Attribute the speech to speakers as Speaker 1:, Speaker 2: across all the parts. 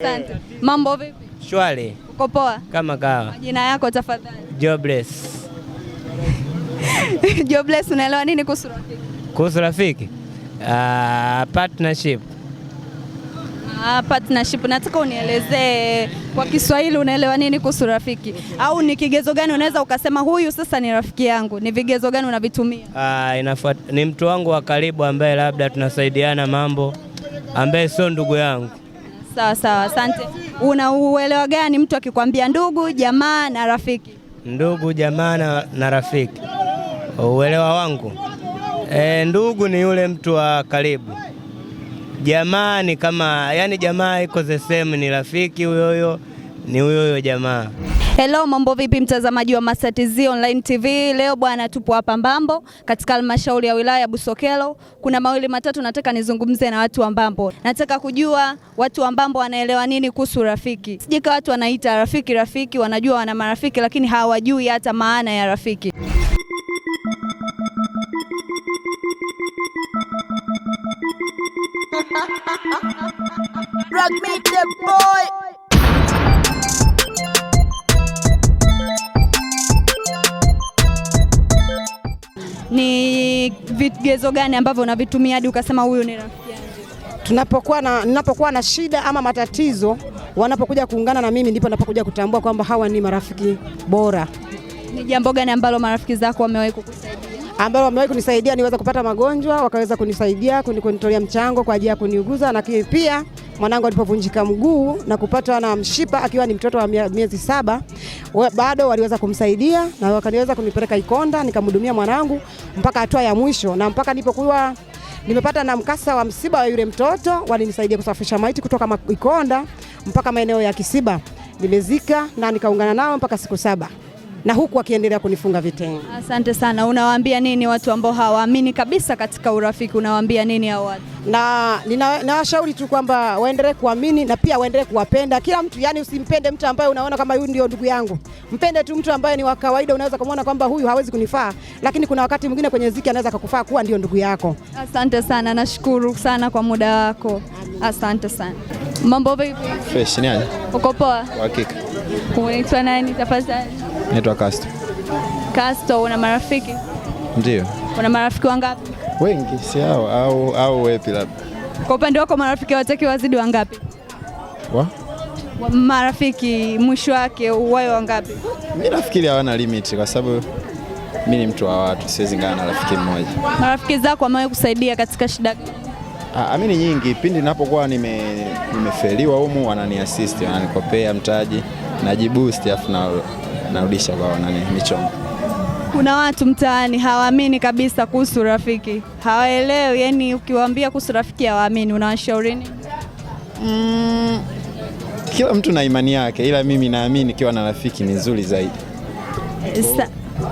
Speaker 1: Asante. Mambo vipi? Shwari. Uko poa? Kama kawa. Majina yako tafadhali? Jobless. Jobless, unaelewa nini kuhusu rafiki?
Speaker 2: Kuhusu rafiki? Uh, partnership.
Speaker 1: Uh, partnership. Nataka unielezee kwa Kiswahili unaelewa nini kuhusu rafiki? Au ni kigezo gani unaweza ukasema huyu sasa ni rafiki yangu? Ni vigezo gani unavitumia?
Speaker 2: Uh, ah, inafuata, ni mtu wangu wa karibu ambaye labda tunasaidiana mambo ambaye sio ndugu yangu.
Speaker 1: Sawa sawa, asante. Una uelewa gani mtu akikwambia ndugu jamaa na rafiki?
Speaker 2: Ndugu jamaa na, na rafiki, uelewa wangu e, ndugu ni yule mtu wa karibu, jamaa ni kama yani, jamaa iko the same, ni rafiki huyo huyo, ni huyo huyo jamaa.
Speaker 1: Hello, mambo vipi mtazamaji wa Master Online TV. Leo bwana, tupo hapa Mbambo katika halmashauri ya wilaya Busokelo. Kuna mawili matatu nataka nizungumze na watu wa Mbambo. Nataka kujua watu wa Mbambo wanaelewa nini kuhusu rafiki. Sijika watu wanaita rafiki rafiki, wanajua wana marafiki lakini hawajui hata maana ya rafiki. Rock me the boy. vigezo gani ambavyo unavitumia hadi ukasema huyu ni rafiki yangu?
Speaker 3: Tunapokuwa na ninapokuwa na shida ama matatizo, wanapokuja kuungana na mimi, ndipo napokuja kutambua kwamba hawa ni marafiki bora.
Speaker 1: Ni jambo gani ambalo marafiki zako wamewahi kukusaidia?
Speaker 3: ambao wamewahi kunisaidia niweza kupata magonjwa, wakaweza kunisaidia kunitolea mchango kwa ajili ya kuniuguza, lakini pia mwanangu alipovunjika mguu na kupata na mshipa akiwa ni mtoto wa miezi saba, bado waliweza kumsaidia na wakaniweza kunipeleka Ikonda nikamhudumia mwanangu mpaka hatua ya mwisho, na mpaka nilipokuwa nimepata na mkasa wa msiba wa yule mtoto, walinisaidia kusafisha maiti kutoka Ikonda mpaka maeneo ya Kisiba, nimezika na nikaungana nao mpaka siku saba na huku akiendelea kunifunga vitenge.
Speaker 1: Asante sana. Unawaambia nini watu ambao hawaamini kabisa katika urafiki, unawaambia nini hao watu?
Speaker 3: Na ninawashauri tu kwamba waendelee kuamini na pia waendelee kuwapenda kila mtu, yani usimpende mtu ambaye unaona kama huyu ndio ndugu yangu, mpende tu mtu ambaye ni wa kawaida, unaweza kumwona kwamba huyu hawezi kunifaa, lakini kuna wakati mwingine kwenye ziki anaweza kukufaa kuwa ndio ndugu yako.
Speaker 1: Asante sana, nashukuru sana kwa muda wako, asante sana. Mambo vipi? Fresh. Ni aje? Uko poa? Hakika. Unaitwa nani tafadhali? Naitwa Castro. Castro, una marafiki? Ndio. Una marafiki wangapi?
Speaker 2: Wengi, si hao au au wepi labda.
Speaker 1: Kwa upande wako marafiki hawataki wazidi wangapi? Wa? Wa marafiki mwisho wake wawe wangapi?
Speaker 2: Mimi nafikiri hawana limit kwa sababu mimi ni mtu wa watu, siwezi ngana na rafiki mmoja.
Speaker 1: Marafiki zako wamewahi kusaidia katika shida gani?
Speaker 2: Ah, mimi ah, ni nyingi, pindi ninapokuwa nime nimefeliwa humu wananiasisti, wananikopea mtaji, najiboost afu na narudisha kwa nani michongo.
Speaker 1: Kuna watu mtaani hawaamini kabisa kuhusu Rafiki, hawaelewi yani, ukiwaambia kuhusu Rafiki hawaamini. Unawashauri nini?
Speaker 2: Mm, kila mtu na imani yake, ila mimi naamini kiwa na rafiki ni nzuri zaidi. Sa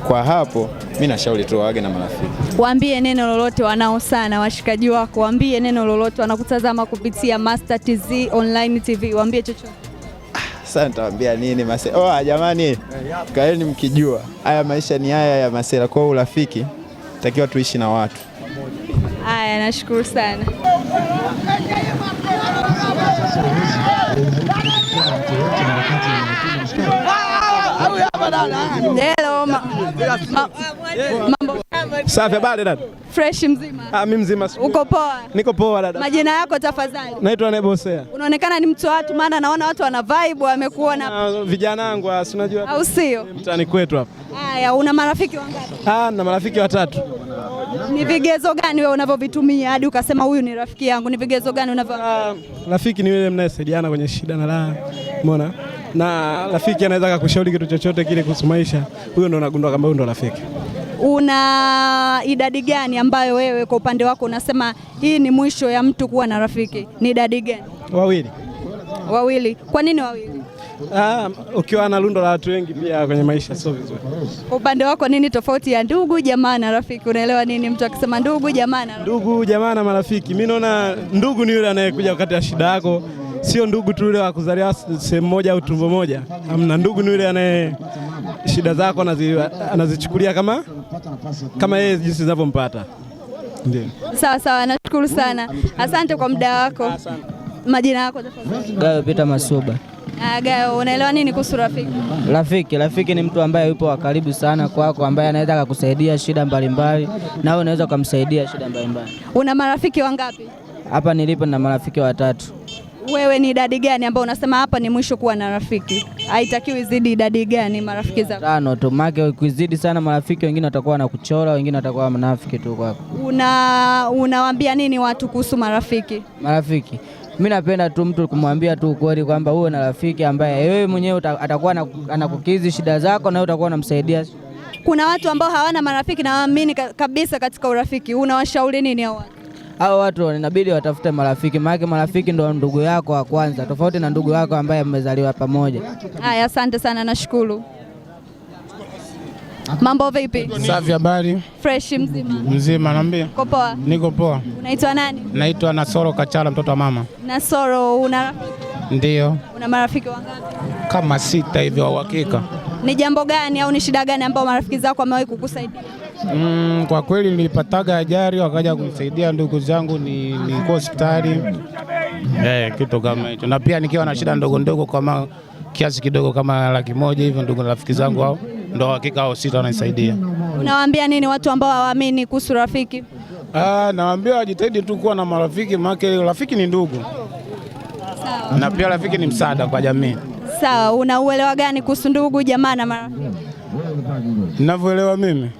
Speaker 2: kwa hapo mi nashauri tu waage na marafiki,
Speaker 1: waambie neno lolote wanao sana washikaji wako, waambie neno lolote wanakutazama kupitia Master TZ Online TV, waambie chochote
Speaker 2: sasa nitawaambia nini masela? Oh, jamani, eh, kaeni mkijua haya maisha ni haya ya masela. Kwa urafiki takiwa tuishi na watu.
Speaker 1: Haya, nashukuru sana. Hello, ma, ma, ma,
Speaker 4: Safi, habari dada?
Speaker 1: Fresh mzima. Ah, mimi mzima. Uko poa?
Speaker 4: Niko poa dada.
Speaker 1: Majina yako tafadhali?
Speaker 4: Naitwa Nebosea.
Speaker 1: Unaonekana ni mtu wa watu, maana naona watu wana vibe wamekuona.
Speaker 4: Ah, vijana wangu ah, si unajua. Au sio? Mtani kwetu hapa.
Speaker 1: Haya, una marafiki wangapi?
Speaker 4: Ah, na marafiki watatu.
Speaker 1: Ni vigezo gani wewe unavyovitumia hadi ukasema huyu ni rafiki yangu? Ni vigezo gani unavyo?
Speaker 4: Ah, rafiki ni yule mnayesaidiana kwenye shida na raha. Umeona? Na rafiki anaweza akakushauri kitu chochote kile kuhusu maisha. Huyo ndo unagundua kama huyo ndo rafiki
Speaker 1: una idadi gani ambayo wewe kwa upande wako unasema hii ni mwisho ya mtu kuwa na rafiki? Ni idadi gani? Wawili. Wawili. Kwa nini wawili?
Speaker 4: Ah, ukiwa na lundo la watu wengi pia kwenye maisha sio vizuri.
Speaker 1: Kwa upande wako nini tofauti ya ndugu, jamaa na rafiki? Unaelewa nini mtu akisema ndugu, jamaa na
Speaker 4: rafiki? Ndugu, jamaa na marafiki, mi naona ndugu ni yule anayekuja wakati ya shida yako, sio ndugu tu yule wa kuzaliwa sehemu moja au tumbo moja. Hamna, ndugu ni yule anaye shida zako anazichukulia kama kama yeye jinsi zinavyompata. Ndio,
Speaker 1: sawa sawa, nashukuru sana, asante kwa muda wako. Majina yako
Speaker 2: Gayo Pita Masuba.
Speaker 1: Ah, Gayo, unaelewa nini kuhusu rafiki?
Speaker 2: Rafiki, rafiki ni mtu ambaye yupo wa karibu sana kwako, ambaye anaweza akakusaidia shida mbalimbali, nawe unaweza ukamsaidia shida mbalimbali.
Speaker 1: Una marafiki wangapi?
Speaker 2: Hapa nilipo na marafiki watatu.
Speaker 1: Wewe ni idadi gani ambao unasema hapa ni mwisho kuwa na rafiki? Haitakiwi zidi idadi gani marafiki zako?
Speaker 2: Tano tu, maana ukizidi sana marafiki wengine watakuwa na kuchora, wengine watakuwa mnafiki tu kwako.
Speaker 1: Una unawaambia nini watu kuhusu marafiki?
Speaker 2: Marafiki mimi napenda tu mtu kumwambia tu ukweli kwamba uwe na rafiki ambaye wewe mwenyewe atakuwa anakukidhi shida zako na utakuwa unamsaidia.
Speaker 1: Kuna watu ambao hawana marafiki na waamini kabisa katika urafiki, unawashauri nini hao watu?
Speaker 2: hao watu inabidi watafute marafiki, maanake marafiki ndo ndugu yako wa kwanza, tofauti na ndugu yako ambaye mmezaliwa pamoja.
Speaker 1: Haya, asante sana, nashukuru. Mambo vipi?
Speaker 4: Safi, habari?
Speaker 1: Fresh mzima.
Speaker 4: Mzima naambia. Uko poa? Niko poa.
Speaker 1: Unaitwa nani?
Speaker 4: Naitwa Nasoro Kachala mtoto wa mama.
Speaker 1: Nasoro, una Ndio. Una marafiki wangapi?
Speaker 4: Kama sita hivi wa uhakika.
Speaker 1: Ni jambo gani au ni shida gani ambayo marafiki zako wamewahi kukusaidia?
Speaker 4: Mm, kwa kweli nilipataga ajali, wakaja kumsaidia ndugu zangu, ni ni hospitali eh, kitu kama hicho, na pia nikiwa na shida ndogo ndogo kama kiasi kidogo kama laki moja hivyo, ndugu na rafiki zangu hao ndo hakika hao sita wananisaidia.
Speaker 1: Unawaambia nini watu ambao hawaamini kuhusu rafiki?
Speaker 4: Ah, nawaambia wajitahidi tu kuwa na marafiki, maana rafiki ni ndugu. Sawa. Na pia rafiki ni msaada kwa jamii.
Speaker 1: Sawa, una uelewa gani kuhusu ndugu, jamaa na marafiki?
Speaker 4: Ninavyoelewa mimi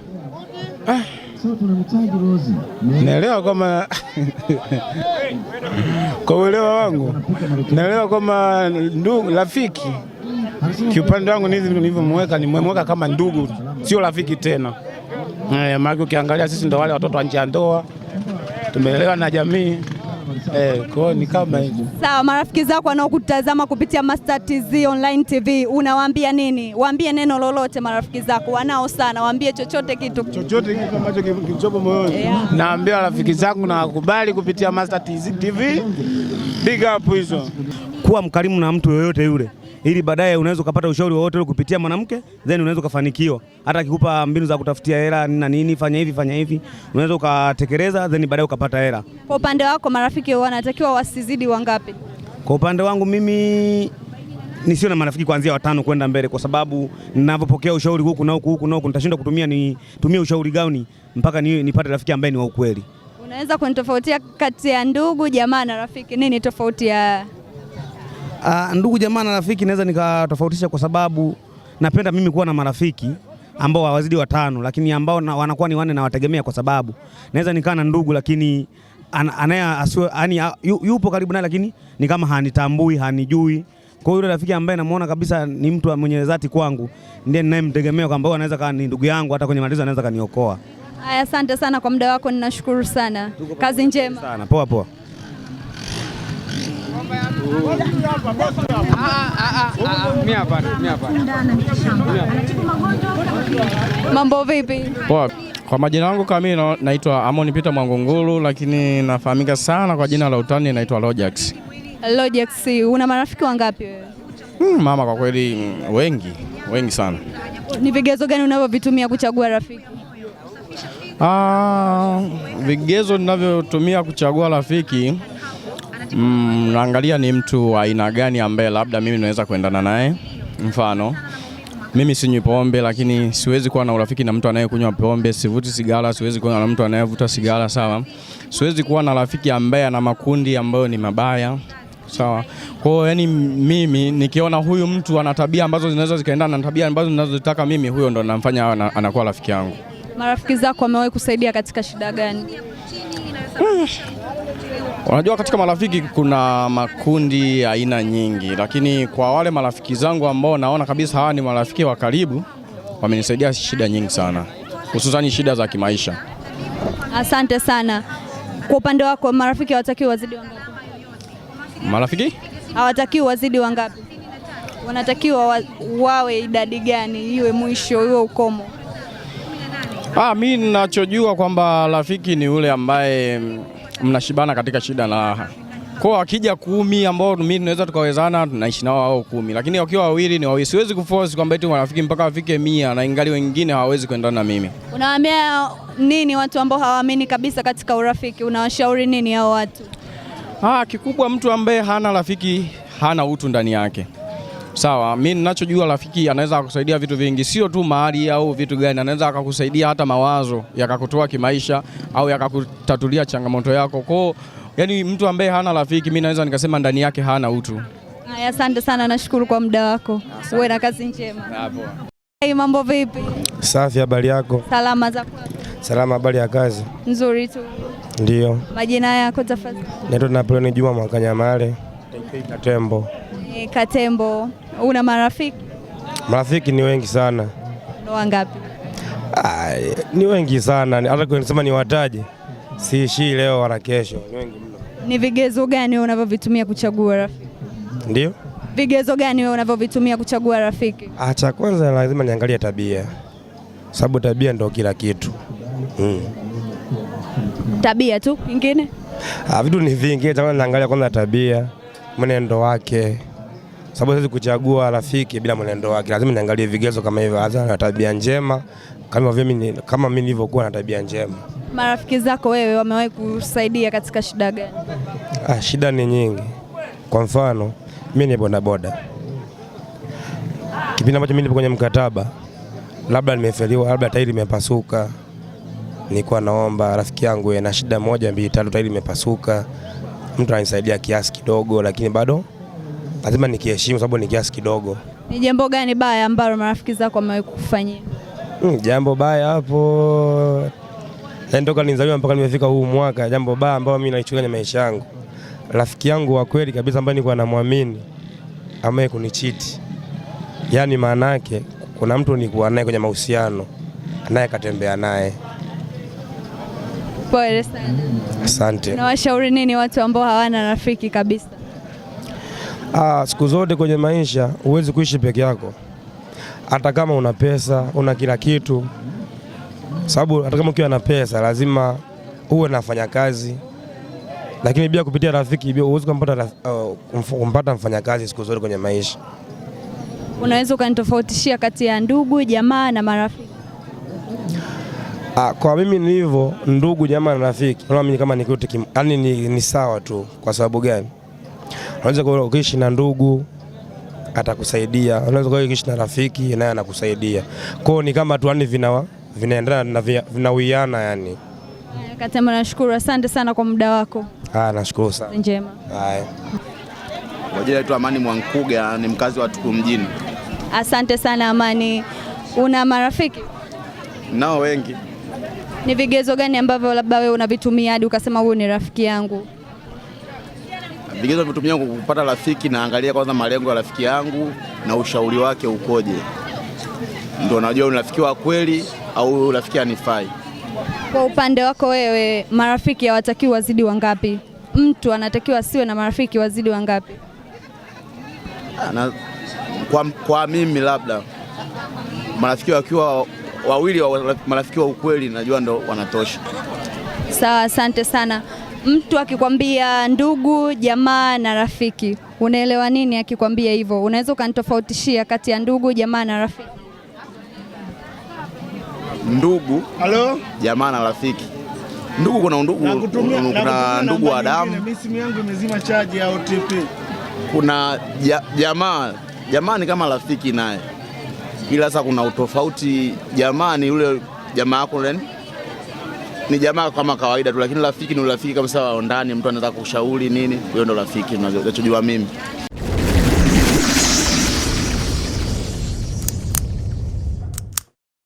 Speaker 4: Naelewa kama kwa uelewa wangu naelewa kama ndugu rafiki, kiupande wangu nizi nilivyomweka nimemweka kama ndugu, sio rafiki tena. Eh, maana ukiangalia sisi ndo wale watoto wa nje ya ndoa, tumeelewa na jamii. Eh, kwao ni kama hivyo.
Speaker 1: Sawa, marafiki zako wanaokutazama kupitia Master TZ Online TV unawaambia nini? Waambie neno lolote marafiki zako wanao sana, waambie chochote kitu.
Speaker 4: Chochote kitu ambacho kilichopo moyoni. Yeah. Naambia rafiki zangu na wakubali kupitia Master TZ TV. Big up hizo.
Speaker 5: Kuwa mkarimu na mtu yoyote yule ili baadaye unaweza ukapata ushauri wowote kupitia mwanamke, then unaweza ukafanikiwa. Hata akikupa mbinu za kutafutia hela na nini, fanya hivi fanya hivi, unaweza ukatekeleza, then baadaye ukapata hela.
Speaker 1: Kwa upande wako, marafiki wanatakiwa wasizidi wangapi?
Speaker 5: Kwa upande wangu mimi nisio na marafiki kuanzia watano kwenda mbele, kwa sababu ninavyopokea ushauri huku na huku huku na huku, nitashindwa kutumia tumie ushauri gani mpaka nipate rafiki ambaye ni wa ukweli.
Speaker 1: Unaweza kunitofautia kati ya ndugu, jamaa na rafiki, nini tofauti ya
Speaker 5: Uh, ndugu jamaa na rafiki naweza nikatofautisha kwa sababu napenda mimi kuwa na marafiki ambao hawazidi watano, lakini ambao na, wanakuwa ni wanne nawategemea, kwa sababu naweza nikaa na ndugu lakini an, anaye yu, yupo karibu naye lakini ni kama hanitambui hanijui. Kwa hiyo yule rafiki ambaye namuona kabisa ni mtu mwenye dhati kwangu ndiye ninayemtegemea kwamba anaweza kaa ni ndugu yangu, hata kwenye matatizo anaweza kaniokoa.
Speaker 1: Haya, asante sana kwa muda wako, ninashukuru sana, kazi njema
Speaker 5: sana, poa poa.
Speaker 1: Mambo vipi?
Speaker 4: Poa. Kwa majina yangu kamili naitwa Amoni Peter Mwangunguru, lakini nafahamika sana kwa jina la utani naitwa Lojax.
Speaker 1: Lojax, una marafiki wangapi wewe?
Speaker 4: Hmm, mama kwa kweli wengi wengi sana.
Speaker 1: Ni vigezo gani unavyovitumia kuchagua rafiki?
Speaker 4: Ah, vigezo ninavyotumia kuchagua rafiki mnaangalia mm, ni mtu wa aina gani ambaye labda mimi naweza kuendana naye. Mfano mimi sinywi pombe, lakini siwezi kuwa na urafiki na mtu anayekunywa pombe. Sivuti sigara, siwezi kuwa na mtu anayevuta sigara, sawa. Siwezi kuwa na rafiki ambaye ana makundi ambayo ni mabaya, sawa. Kwa hiyo yani, mimi nikiona huyu mtu ana tabia ambazo zinaweza zikaendana na tabia ambazo ninazotaka mimi, huyo ndo namfanya anakuwa rafiki yangu.
Speaker 1: Marafiki zako wamewahi kusaidia katika shida gani?
Speaker 4: Mm. Unajua, katika marafiki kuna makundi aina nyingi, lakini kwa wale marafiki zangu ambao naona kabisa hawa ni marafiki wa karibu, wamenisaidia shida nyingi sana, hususani shida za kimaisha.
Speaker 1: Asante sana. Kwa upande wako marafiki hawatakiwi wazidi wangapi? Marafiki hawatakiwi wazidi wangapi? Wanatakiwa wa, wawe idadi gani? Iwe mwisho, iwe ukomo?
Speaker 4: Ah, mi nachojua kwamba rafiki ni ule ambaye mnashibana katika shida na raha. Kwa wakija kumi ambao mimi tunaweza tukawezana, tunaishi nao hao kumi, lakini wakiwa wawili ni wawili. Siwezi kuforce kwamba eti marafiki mpaka wafike mia na ingali wengine hawawezi kuendana na mimi.
Speaker 1: Unawaambia nini watu ambao hawaamini kabisa katika urafiki? Unawashauri nini hao watu?
Speaker 4: Ah, kikubwa mtu ambaye hana rafiki hana utu ndani yake. Sawa, mi ninachojua rafiki anaweza akusaidia vitu vingi, sio tu mali au vitu gani, anaweza akakusaidia hata mawazo yakakutoa kimaisha au yakakutatulia changamoto yako koo. Yani mtu ambaye hana rafiki, mi naweza nikasema ndani yake hana utu.
Speaker 1: Haya, asante sana, nashukuru kwa muda wako, uwe na kazi njema. Hey, mambo vipi?
Speaker 2: Safi, habari yako?
Speaker 1: Salama za kwako?
Speaker 2: Salama, habari ya kazi? Nzuri tu. Ndio.
Speaker 1: Majina yako tafadhali?
Speaker 2: Naitwa Napoleon Juma Mwakanyamale, Tembo.
Speaker 1: Katembo una marafiki?
Speaker 2: Marafiki ni wengi sana. Ni wangapi? Ay, ni wengi sana hata kusema wataje siishi leo wala kesho, ni wengi
Speaker 1: mno. Ni vigezo gani wewe unavyovitumia kuchagua rafiki? Ndio, vigezo gani wewe unavyovitumia kuchagua rafiki?
Speaker 2: Ah, cha kwanza lazima niangalie tabia, sababu tabia ndio kila kitu mm.
Speaker 1: Tabia tu, ingine
Speaker 2: ah, vitu ni vingi, naangalia kwanza tabia, mwenendo wake sababu siwezi kuchagua rafiki bila mwenendo wake, lazima niangalie vigezo kama hivyo, na tabia njema kama vile mimi kama mimi nilivyokuwa na tabia njema.
Speaker 1: Marafiki zako wewe wamewahi kusaidia katika shida gani?
Speaker 2: Ah, shida ni nyingi. Kwa mfano mimi ni bodaboda, kipindi ambacho mimi nipo kwenye mkataba, labda nimefeliwa, labda tairi limepasuka, nilikuwa naomba rafiki yangu na shida moja mbili tatu, tairi limepasuka, mtu anisaidia kiasi kidogo, lakini bado lazima nikiheshimu, sababu ni kiasi kidogo.
Speaker 1: Ni jambo gani baya ambalo marafiki zako wamewahi kukufanyia?
Speaker 2: Mm, jambo baya hapo toka nizaliwa mpaka nimefika huu mwaka, jambo baya ambalo mimi naichukia kwenye maisha yangu, rafiki yangu wa kweli kabisa ambaye nilikuwa namwamini ambaye kunichiti. Yaani maana yake kuna mtu nilikuwa naye kwenye mahusiano naye katembea naye.
Speaker 1: Pole sana. Asante. Unawashauri nini watu ambao hawana rafiki kabisa?
Speaker 2: Ah, siku zote kwenye maisha huwezi kuishi peke yako, hata kama una pesa una kila kitu, sababu hata kama ukiwa na pesa lazima uwe nafanya kazi, lakini bila kupitia rafiki bila huwezi kumpata, uh, kumpata mfanyakazi siku zote kwenye maisha.
Speaker 1: Unaweza ukanitofautishia kati ya ndugu, jamaa na marafiki?
Speaker 2: Ah, kwa mimi nilivyo, ndugu, jamaa na rafiki naona mimi kama ni kitu, yani ni, ni sawa tu. Kwa sababu gani? Unaweza kuishi na ndugu atakusaidia, unaweza kuishi na rafiki naye anakusaidia. hiyo ni kama tu yani vina vinaendana vinawiana yani.
Speaker 1: Katema, nashukuru, asante sana kwa muda wako.
Speaker 2: Ah, nashukuru sana. Njema. Haya.
Speaker 6: Mmoja wetu Amani Mwankuga ni mkazi wa Tuku mjini.
Speaker 1: Asante sana Amani. Una marafiki?
Speaker 6: Nao wengi.
Speaker 1: Ni vigezo gani ambavyo labda wewe unavitumia hadi ukasema huyu ni rafiki yangu?
Speaker 6: vigezo navyotumia kupata rafiki, naangalia kwanza malengo ya rafiki yangu na ushauri wake ukoje, ndio najua ni rafiki wa kweli au rafiki anifai.
Speaker 1: Kwa upande wako wewe, marafiki hawatakiwi wazidi wangapi? Mtu anatakiwa asiwe na marafiki wazidi wangapi?
Speaker 6: Ana, kwa, kwa mimi labda marafiki wakiwa wawili, marafiki wa ukweli najua ndo wanatosha.
Speaker 1: Sawa, asante sana mtu akikwambia ndugu, jamaa na rafiki, unaelewa nini akikwambia hivyo? Unaweza ukanitofautishia kati ya ndugu, jamaa na rafiki?
Speaker 6: Ndugu, halo, jamaa na rafiki. Ndugu, kuna ndugu, kuna ndugu wa damu, kuna jamaa. Jamaa ni kama rafiki naye, ila sasa kuna utofauti. Jamaa ni yule jamaa yako ni jamaa kama kawaida tu, lakini rafiki ni urafiki kama sawa ndani, mtu anaweza kukushauri nini. Huyo ndo rafiki nachojua mimi.